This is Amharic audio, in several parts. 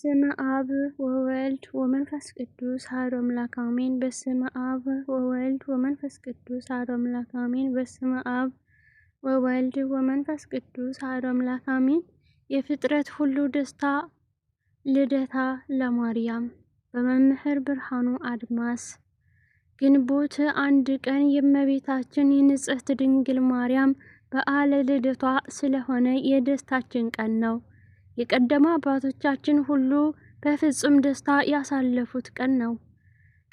በስመ አብ ወወልድ ወመንፈስ ቅዱስ አሐዱ አምላክ አሜን። በስመ አብ ወወልድ ወመንፈስ ቅዱስ አሐዱ አምላክ አሜን። በስመ አብ ወወልድ ወመንፈስ ቅዱስ አሐዱ አምላክ አሜን። የፍጥረት ሁሉ ደስታ ልደታ ለማርያም በመምህር ብርሃኑ አድማስ ግንቦት አንድ ቀን የእመቤታችን የንጽሕት ድንግል ማርያም በዓለ ልደቷ ስለሆነ የደስታችን ቀን ነው። የቀደመ አባቶቻችን ሁሉ በፍጹም ደስታ ያሳለፉት ቀን ነው።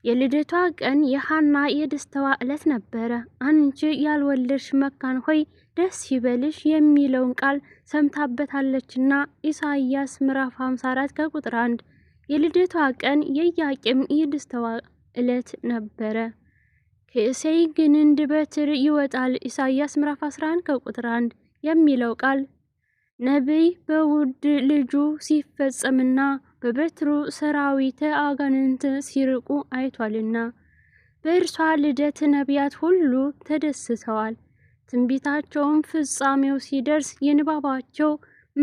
የልደቷ ቀን የሃና የደስታዋ ዕለት ነበረ። አንቺ ያልወለድሽ መካን ሆይ ደስ ይበልሽ የሚለውን ቃል ሰምታበታለችና ኢሳይያስ ምዕራፍ 54 ከቁጥር 1። የልደቷ ቀን የኢያቄም የደስታዋ ዕለት ነበረ። ከእሴይ ግንድ በትር ይወጣል ኢሳይያስ ምዕራፍ 11 ከቁጥር 1 የሚለው ቃል ነቢይ በውድ ልጁ ሲፈጸምና በበትሩ ሰራዊተ አጋንንት ሲርቁ አይቷልና። በእርሷ ልደት ነቢያት ሁሉ ተደስተዋል። ትንቢታቸውም ፍጻሜው ሲደርስ የንባባቸው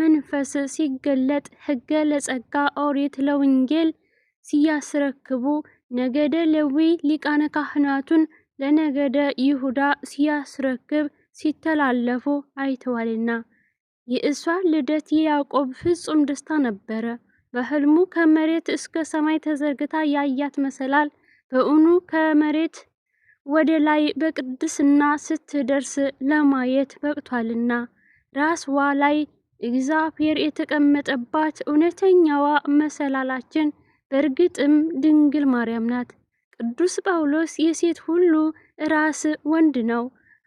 መንፈስ ሲገለጥ ሕገ ለጸጋ ኦሪት ለወንጌል ሲያስረክቡ ነገደ ሌዊ ሊቃነ ካህናቱን ለነገደ ይሁዳ ሲያስረክብ ሲተላለፉ አይተዋልና የእሷ ልደት የያዕቆብ ፍጹም ደስታ ነበረ። በሕልሙ ከመሬት እስከ ሰማይ ተዘርግታ ያያት መሰላል በእውኑ ከመሬት ወደ ላይ በቅድስና ስትደርስ ለማየት በቅቷልና ራስዋ ላይ እግዚአብሔር የተቀመጠባት እውነተኛዋ መሰላላችን በእርግጥም ድንግል ማርያም ናት። ቅዱስ ጳውሎስ የሴት ሁሉ ራስ ወንድ ነው፣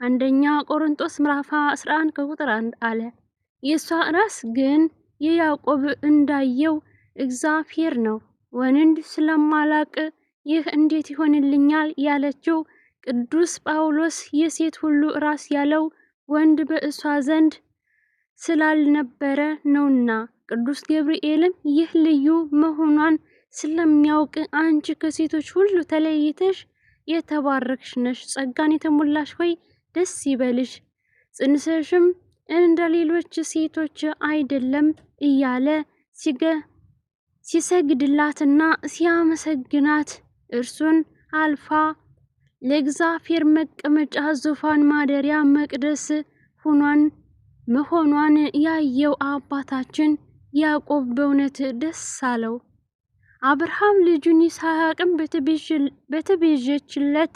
አንደኛ ቆሮንጦስ ምዕራፍ 11 ከቁጥር 1 አለ። የእሷ ራስ ግን የያዕቆብ እንዳየው እግዚአብሔር ነው። ወንድ ስለማላቅ ይህ እንዴት ይሆንልኛል ያለችው ቅዱስ ጳውሎስ የሴት ሁሉ ራስ ያለው ወንድ በእሷ ዘንድ ስላልነበረ ነውና፣ ቅዱስ ገብርኤልም ይህ ልዩ መሆኗን ስለሚያውቅ አንቺ ከሴቶች ሁሉ ተለይተሽ የተባረክሽ ነሽ፣ ጸጋን የተሞላሽ ሆይ ደስ ይበልሽ፣ ጽንሰሽም እንደ ሌሎች ሴቶች አይደለም እያለ ሲሰግድላትና ሲያመሰግናት እርሱን አልፋ ለእግዚአብሔር መቀመጫ ዙፋን ማደሪያ መቅደስ ሁኗን መሆኗን ያየው አባታችን ያዕቆብ በእውነት ደስ አለው። አብርሃም ልጁን ይስሐቅን በተቤዠችለት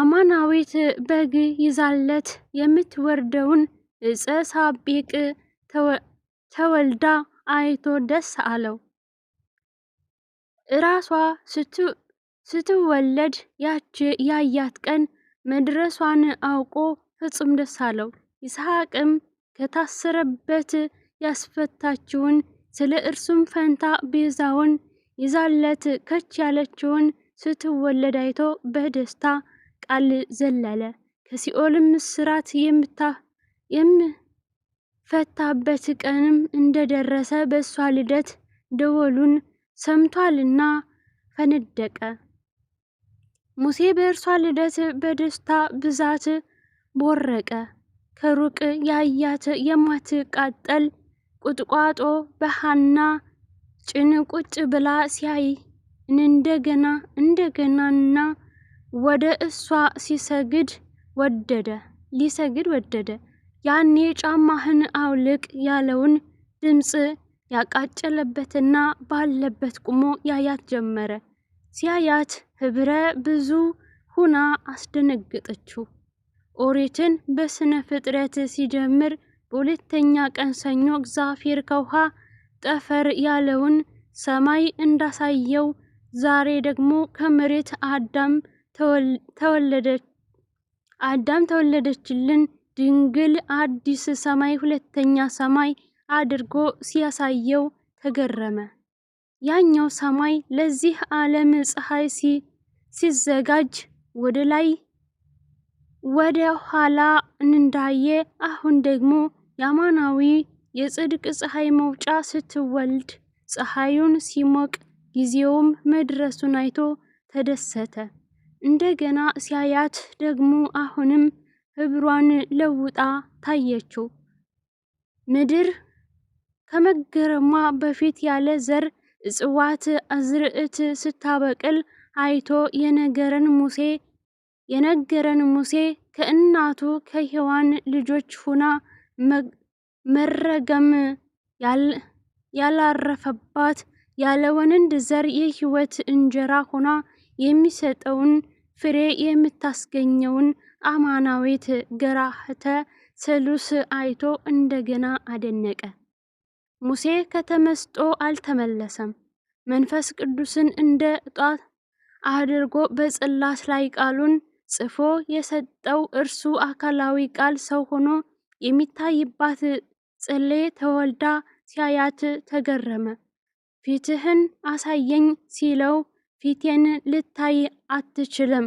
አማናዊት በግ ይዛለት የምትወርደውን ዕፀ ሳቤቅ ተወልዳ አይቶ ደስ አለው። እራሷ ስትወለድ ያች ያያት ቀን መድረሷን አውቆ ፍጹም ደስ አለው። ይስሐቅም ከታሰረበት ያስፈታችውን ስለ እርሱም ፈንታ ቤዛውን ይዛለት ከች ያለችውን ስትወለድ አይቶ በደስታ ቃል ዘለለ። ከሲኦልም እስራት የምፈታበት ቀንም እንደደረሰ በእሷ ልደት ደወሉን ሰምቷልና ፈነደቀ። ሙሴ በእርሷ ልደት በደስታ ብዛት ቦረቀ። ከሩቅ ያያት የማትቃጠል ቁጥቋጦ በሃና ጭን ቁጭ ብላ ሲያይ እንደገና እንደገናና ወደ እሷ ሲሰግድ ወደደ ሊሰግድ ወደደ። ያኔ ጫማህን አውልቅ ያለውን ድምፅ ያቃጨለበትና ባለበት ቁሞ ያያት ጀመረ። ሲያያት ህብረ ብዙ ሁና አስደነገጠችው። ኦሪትን በሥነ ፍጥረት ሲጀምር በሁለተኛ ቀን ሰኞ እግዚአብሔር ከውሃ ጠፈር ያለውን ሰማይ እንዳሳየው ዛሬ ደግሞ ከመሬት አዳም ተወለደችልን ድንግል አዲስ ሰማይ ሁለተኛ ሰማይ አድርጎ ሲያሳየው ተገረመ። ያኛው ሰማይ ለዚህ ዓለም ፀሐይ ሲዘጋጅ ወደ ላይ ወደ ኋላ እንዳየ፣ አሁን ደግሞ የአማናዊ የጽድቅ ፀሐይ መውጫ ስትወልድ ፀሐዩን ሲሞቅ ጊዜውም መድረሱን አይቶ ተደሰተ። እንደገና ሲያያት ደግሞ አሁንም ህብሯን ለውጣ ታየችው። ምድር ከመገረሟ በፊት ያለ ዘር እጽዋት አዝርዕት ስታበቅል አይቶ የነገረን ሙሴ የነገረን ሙሴ ከእናቱ ከሔዋን ልጆች ሁና መረገም ያላረፈባት ያለ ወንድ ዘር የህይወት እንጀራ ሆና የሚሰጠውን ፍሬ የምታስገኘውን አማናዊት ገራህተ ሰሉስ አይቶ እንደገና አደነቀ። ሙሴ ከተመስጦ አልተመለሰም። መንፈስ ቅዱስን እንደ ጧት አድርጎ በጽላስ ላይ ቃሉን ጽፎ የሰጠው እርሱ አካላዊ ቃል ሰው ሆኖ የሚታይባት ጽሌ ተወልዳ ሲያያት ተገረመ። ፊትህን አሳየኝ ሲለው ፊቴን ልታይ አትችልም፣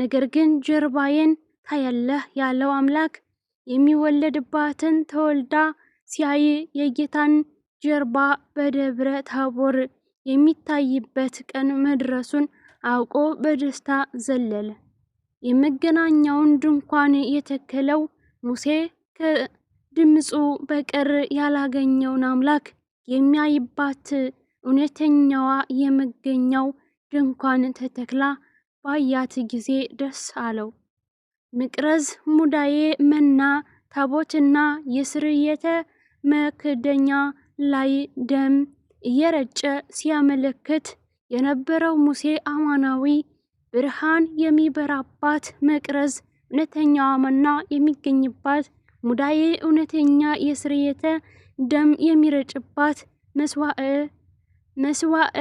ነገር ግን ጀርባዬን ታያለህ ያለው አምላክ የሚወለድባትን ተወልዳ ሲያይ የጌታን ጀርባ በደብረ ታቦር የሚታይበት ቀን መድረሱን አውቆ በደስታ ዘለለ። የመገናኛውን ድንኳን የተከለው ሙሴ ከድምፁ በቀር ያላገኘውን አምላክ የሚያይባት እውነተኛዋ የመገኛው ድንኳን ተተክላ ባያት ጊዜ ደስ አለው። መቅረዝ፣ ሙዳዬ መና፣ ታቦትና የስርየተ መክደኛ ላይ ደም እየረጨ ሲያመለክት የነበረው ሙሴ አማናዊ ብርሃን የሚበራባት መቅረዝ እውነተኛዋ መና የሚገኝባት ሙዳዬ እውነተኛ የስርየተ ደም የሚረጭባት መስዋዕ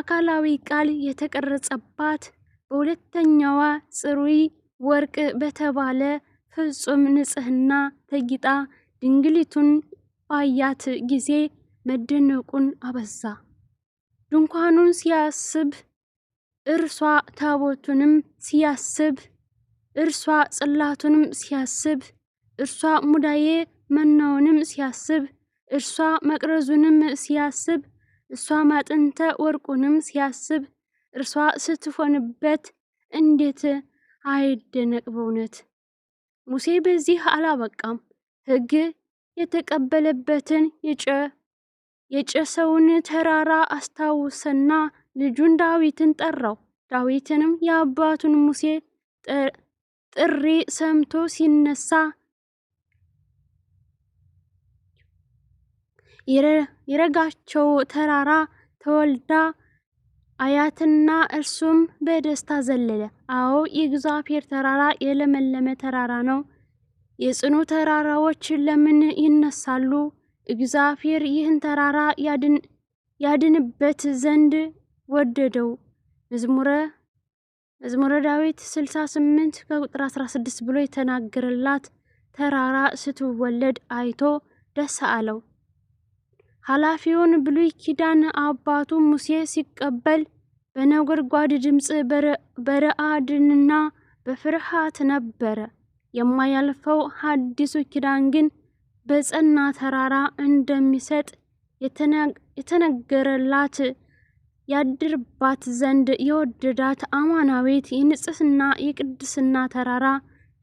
አካላዊ ቃል የተቀረጸባት በሁለተኛዋ ጽሩይ ወርቅ በተባለ ፍጹም ንጽህና ተጊጣ ድንግሊቱን ባያት ጊዜ መደነቁን አበዛ። ድንኳኑን ሲያስብ እርሷ፣ ታቦቱንም ሲያስብ እርሷ፣ ጽላቱንም ሲያስብ እርሷ፣ ሙዳዬ መናውንም ሲያስብ እርሷ፣ መቅረዙንም ሲያስብ እርሷ፣ ማጥንተ ወርቁንም ሲያስብ እርሷ ስትሆንበት እንዴት አይደነቅ በእውነት። ሙሴ በዚህ አላበቃም። ሕግ የተቀበለበትን የጨሰውን ተራራ አስታውሰና ልጁን ዳዊትን ጠራው። ዳዊትንም የአባቱን ሙሴ ጥሪ ሰምቶ ሲነሳ የረጋቸው ተራራ ተወልዳ አያትና እርሱም በደስታ ዘለለ። አዎ የእግዚአብሔር ተራራ የለመለመ ተራራ ነው። የጽኑ ተራራዎች ለምን ይነሳሉ? እግዚአብሔር ይህን ተራራ ያድንበት ዘንድ ወደደው። መዝሙረ መዝሙረ ዳዊት 68 ከቁጥር 16 ብሎ የተናገረላት ተራራ ስትወለድ አይቶ ደስ አለው። ኃላፊውን ብሉይ ኪዳን አባቱ ሙሴ ሲቀበል በነጎድጓድ ድምፅ በረአድንና በፍርሃት ነበረ። የማያልፈው ሐዲሱ ኪዳን ግን በጸና ተራራ እንደሚሰጥ የተነገረላት ያድርባት ዘንድ የወደዳት አማናዊት የንጽሕና የቅድስና ተራራ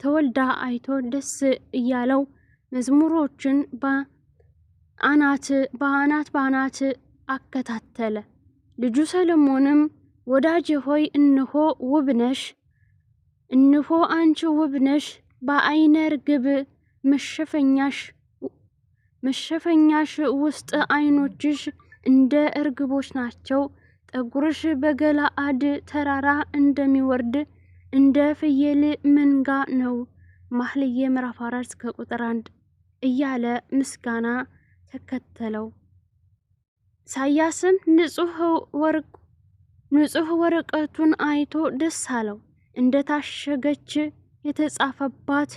ተወልዳ አይቶ ደስ እያለው መዝሙሮችን አናት በአናት በአናት አከታተለ። ልጁ ሰለሞንም ወዳጄ ሆይ እንሆ ውብነሽ እንሆ አንቺ ውብነሽ በአይነ ርግብ መሸፈኛሽ መሸፈኛሽ ውስጥ አይኖችሽ እንደ እርግቦች ናቸው። ጠጉርሽ በገላአድ ተራራ እንደሚወርድ እንደ ፍየል መንጋ ነው። ማህልየ ምዕራፍ አራት ከቁጥር አንድ እያለ ምስጋና ተከተለው። ኢሳያስም ንጹህ ወረቀቱን አይቶ ደስ አለው። እንደታሸገች የተጻፈባት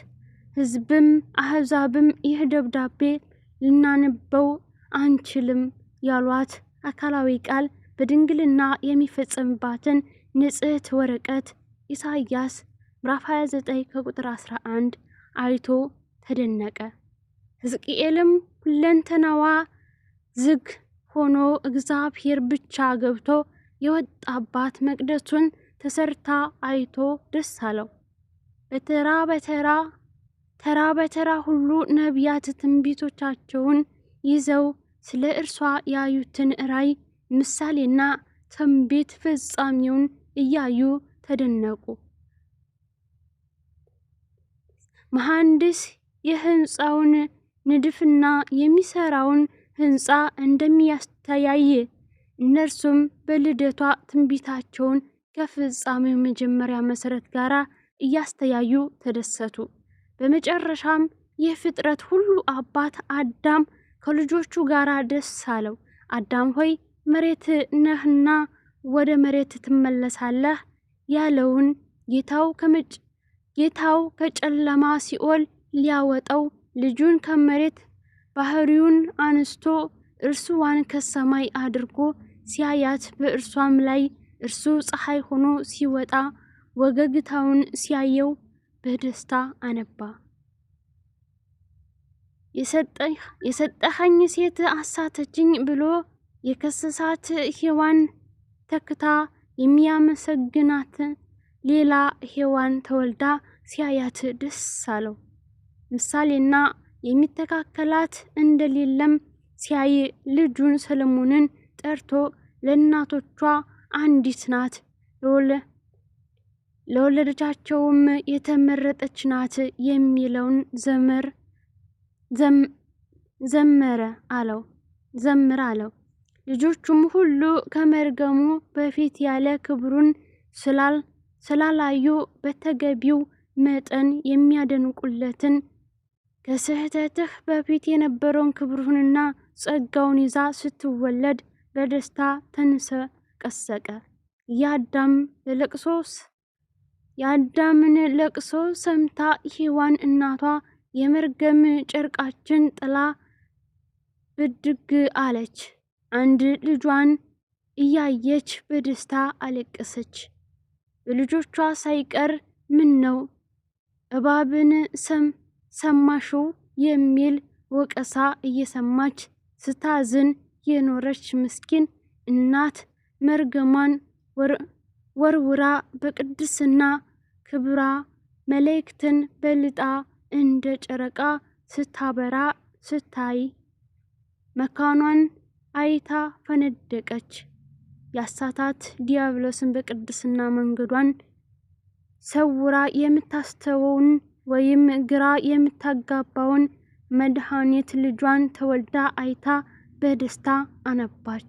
ህዝብም አሕዛብም ይህ ደብዳቤ ልናነበው አንችልም ያሏት አካላዊ ቃል በድንግልና የሚፈጸምባትን ንጽሕት ወረቀት ኢሳያስ ምዕራፍ 29 ከቁጥር 11 አይቶ ተደነቀ። ሕዝቅኤልም ሁለንተናዋ ዝግ ሆኖ እግዚአብሔር ብቻ ገብቶ የወጣባት መቅደሱን ተሰርታ አይቶ ደስ አለው። በተራ በተራ ተራ በተራ ሁሉ ነቢያት ትንቢቶቻቸውን ይዘው ስለ እርሷ ያዩትን ራእይ ምሳሌና ትንቢት ፍጻሜውን እያዩ ተደነቁ። መሐንዲስ የህንፃውን ንድፍና የሚሰራውን ህንፃ እንደሚያስተያይ፣ እነርሱም በልደቷ ትንቢታቸውን ከፍጻሜው መጀመሪያ መሰረት ጋር እያስተያዩ ተደሰቱ። በመጨረሻም የፍጥረት ሁሉ አባት አዳም ከልጆቹ ጋር ደስ አለው። አዳም ሆይ መሬት ነህና ወደ መሬት ትመለሳለህ ያለውን ጌታው ከጨለማ ሲኦል ሊያወጣው ልጁን ከመሬት ባህሪውን አንስቶ እርስዋን ከሰማይ አድርጎ ሲያያት በእርሷም ላይ እርሱ ፀሐይ ሆኖ ሲወጣ ወገግታውን ሲያየው በደስታ አነባ። የሰጠኸኝ ሴት አሳተችኝ ብሎ የከሰሳት ሔዋን ተክታ የሚያመሰግናት ሌላ ሔዋን ተወልዳ ሲያያት ደስ አለው። ምሳሌና የሚተካከላት እንደሌለም ሲያይ ልጁን ሰለሞንን ጠርቶ ለእናቶቿ አንዲት ናት ለወለደቻቸውም የተመረጠች ናት የሚለውን ዘመር ዘመረ አለው ዘምር አለው። ልጆቹም ሁሉ ከመርገሙ በፊት ያለ ክብሩን ስላላዩ በተገቢው መጠን የሚያደንቁለትን ከስህተትህ በፊት የነበረውን ክብሩንና ጸጋውን ይዛ ስትወለድ በደስታ ተንሰቀሰቀ። የአዳምን ለቅሶ ሰምታ ሔዋን እናቷ የመርገም ጨርቃችን ጥላ ብድግ አለች። አንድ ልጇን እያየች በደስታ አለቀሰች። በልጆቿ ሳይቀር ምን ነው እባብን ሰም ሰማሹ የሚል ወቀሳ እየሰማች ስታዝን የኖረች ምስኪን እናት መርገሟን ወርውራ በቅድስና ክብራ መላእክትን በልጣ እንደ ጨረቃ ስታበራ ስታይ መካኗን አይታ ፈነደቀች። ያሳታት ዲያብሎስን በቅድስና መንገዷን ሰውራ የምታስተወውን ወይም ግራ የምታጋባውን መድኃኒት ልጇን ተወልዳ አይታ በደስታ አነባች።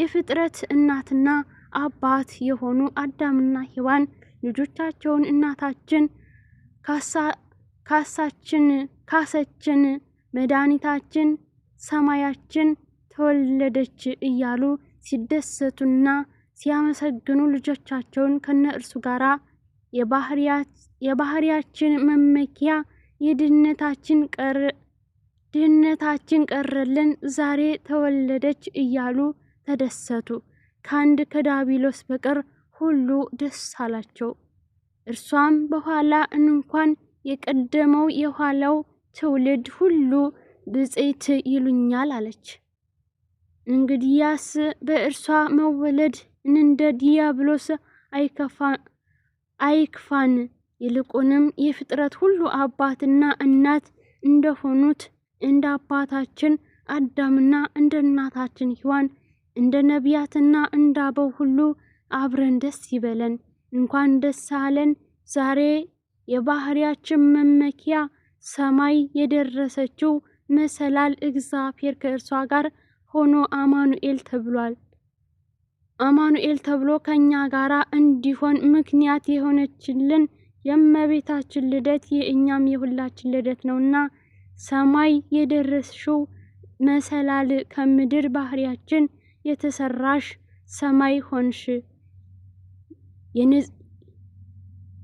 የፍጥረት እናትና አባት የሆኑ አዳምና ሔዋን ልጆቻቸውን እናታችን ካሳችን ካሰችን መድኃኒታችን ሰማያችን ተወለደች እያሉ ሲደሰቱና ሲያመሰግኑ ልጆቻቸውን ከነ እርሱ ጋራ የባህሪያችን መመኪያ የድህነታችን ድህነታችን ቀረልን ዛሬ ተወለደች እያሉ ተደሰቱ። ከአንድ ከዳቢሎስ በቀር ሁሉ ደስ አላቸው። እርሷም በኋላ እንኳን የቀደመው የኋላው ትውልድ ሁሉ ብፅዕት ይሉኛል አለች። እንግዲያስ በእርሷ መወለድ እንደ ዲያብሎስ አይከፋ አይክፋን። ይልቁንም የፍጥረት ሁሉ አባትና እናት እንደሆኑት እንደ አባታችን አዳምና እንደ እናታችን ሔዋን እንደ ነቢያትና እንደ አበው ሁሉ አብረን ደስ ይበለን። እንኳን ደስ አለን። ዛሬ የባህሪያችን መመኪያ ሰማይ የደረሰችው መሰላል እግዚአብሔር ከእርሷ ጋር ሆኖ አማኑኤል ተብሏል። አማኑኤል ተብሎ ከእኛ ጋር እንዲሆን ምክንያት የሆነችልን የእመቤታችን ልደት የእኛም የሁላችን ልደት ነውና ሰማይ የደረስሽው መሰላል ከምድር ባህሪያችን የተሰራሽ ሰማይ ሆንሽ።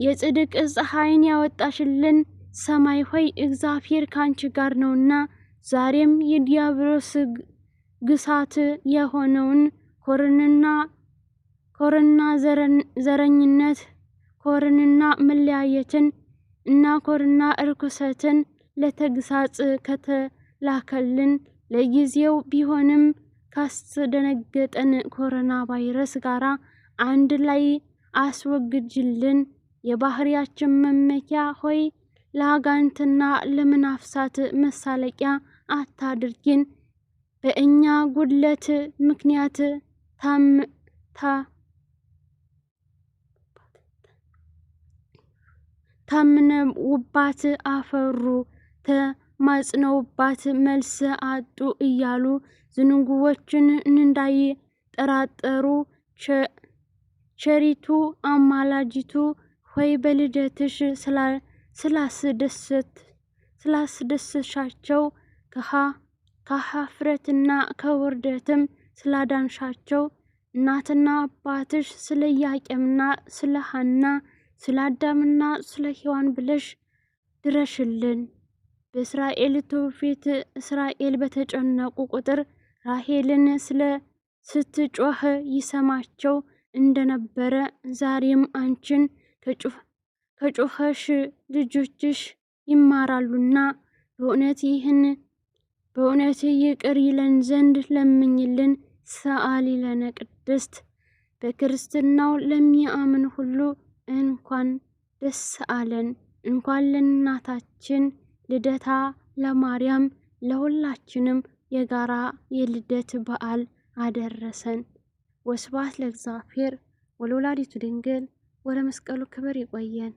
የጽድቅ ፀሐይን ያወጣሽልን ሰማይ ሆይ እግዚአብሔር ካንቺ ጋር ነውና ዛሬም የዲያብሎስ ግሳት የሆነውን ኮርንና ዘረኝነት፣ ኮርንና መለያየትን እና ኮርና እርኩሰትን ለተግሳጽ ከተላከልን ለጊዜው ቢሆንም ካስደነገጠን ኮሮና ቫይረስ ጋር አንድ ላይ አስወግጅልን። የባህሪያችን መመኪያ ሆይ ለአጋንትና ለምናፍሳት መሳለቂያ አታድርጊን። በእኛ ጉድለት ምክንያት ታምነውባት አፈሩ፣ ተማጽነውባት መልስ አጡ እያሉ ዝንጉዎችን እንዳይጠራጠሩ ቸሪቱ አማላጅቱ ሆይ በልደትሽ ስላስደሰሻቸው ከሀፍረትና ከውርደትም ስላዳንሻቸው እናትና አባትሽ ስለ ያቄምና ስለ ሐና ስለ አዳምና ስለ ሔዋን ብለሽ ድረሽልን። በእስራኤል ትውፊት እስራኤል በተጨነቁ ቁጥር ራሄልን ስለ ስትጮህ ይሰማቸው እንደነበረ ዛሬም አንቺን ከጮኸሽ ልጆችሽ ይማራሉና በእውነት ይህን በእውነት ይቅር ይለን ዘንድ ለምኝልን። ሰአሊ ለነ ቅድስት። በክርስትናው ለሚያምን ሁሉ እንኳን ደስ አለን። እንኳን ለእናታችን ልደታ ለማርያም ለሁላችንም የጋራ የልደት በዓል አደረሰን። ወስብሐት ለእግዚአብሔር ወለወላዲቱ ድንግል ወለመስቀሉ ክብር። ይቆየን።